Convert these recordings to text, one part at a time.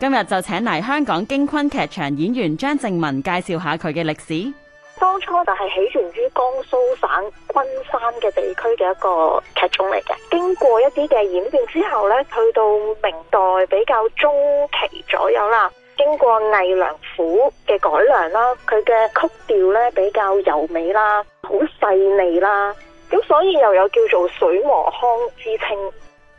今日就請嚟香港京昆劇場演員張靜文介紹下佢嘅歷史。當初就係起源於江蘇省昆山嘅地區嘅一個劇種嚟嘅，經過一啲嘅演變之後咧，去到明代比較中期左右啦，經過魏良輔嘅改良啦，佢嘅曲調咧比較柔美啦，好細膩啦，咁所以又有叫做水磨腔之稱。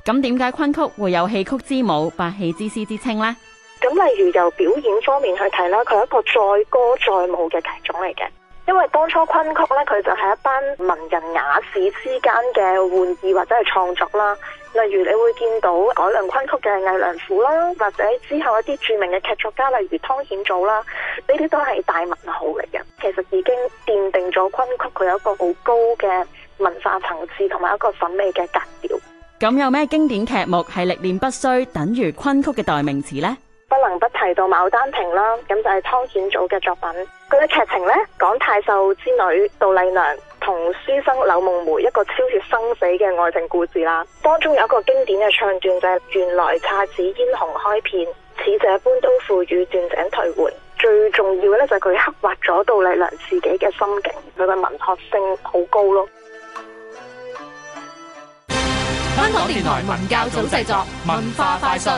咁點解崑曲會有戲曲之母、百戲之師之稱呢？咁例如由表演方面去睇啦，佢係一個載歌載舞嘅劇種嚟嘅。因為當初崑曲咧，佢就係一班文人雅士之間嘅玩意或者係創作啦。例如你會見到改良崑曲嘅魏良輔啦，或者之後一啲著名嘅劇作家，例如湯顯祖啦，呢啲都係大文豪嚟嘅。其實已經奠定咗崑曲佢有一個好高嘅文化層次同埋一個審美嘅格調。咁有咩經典劇目係歷練不衰，等於昆曲嘅代名詞呢？不能不提到某《牡丹亭》啦，咁就係湯顯祖嘅作品。佢嘅劇情呢，講太守之女杜麗娘同書生柳夢梅一個超越生死嘅愛情故事啦。當中有一個經典嘅唱段就係、是“原來姹紫嫣紅開遍，似這般都付與斷井頹垣”頓頓。最重要咧就係佢刻畫咗杜麗娘自己嘅心境，佢嘅文學性好高咯。香港電台文教組製作，作《文化快訊》。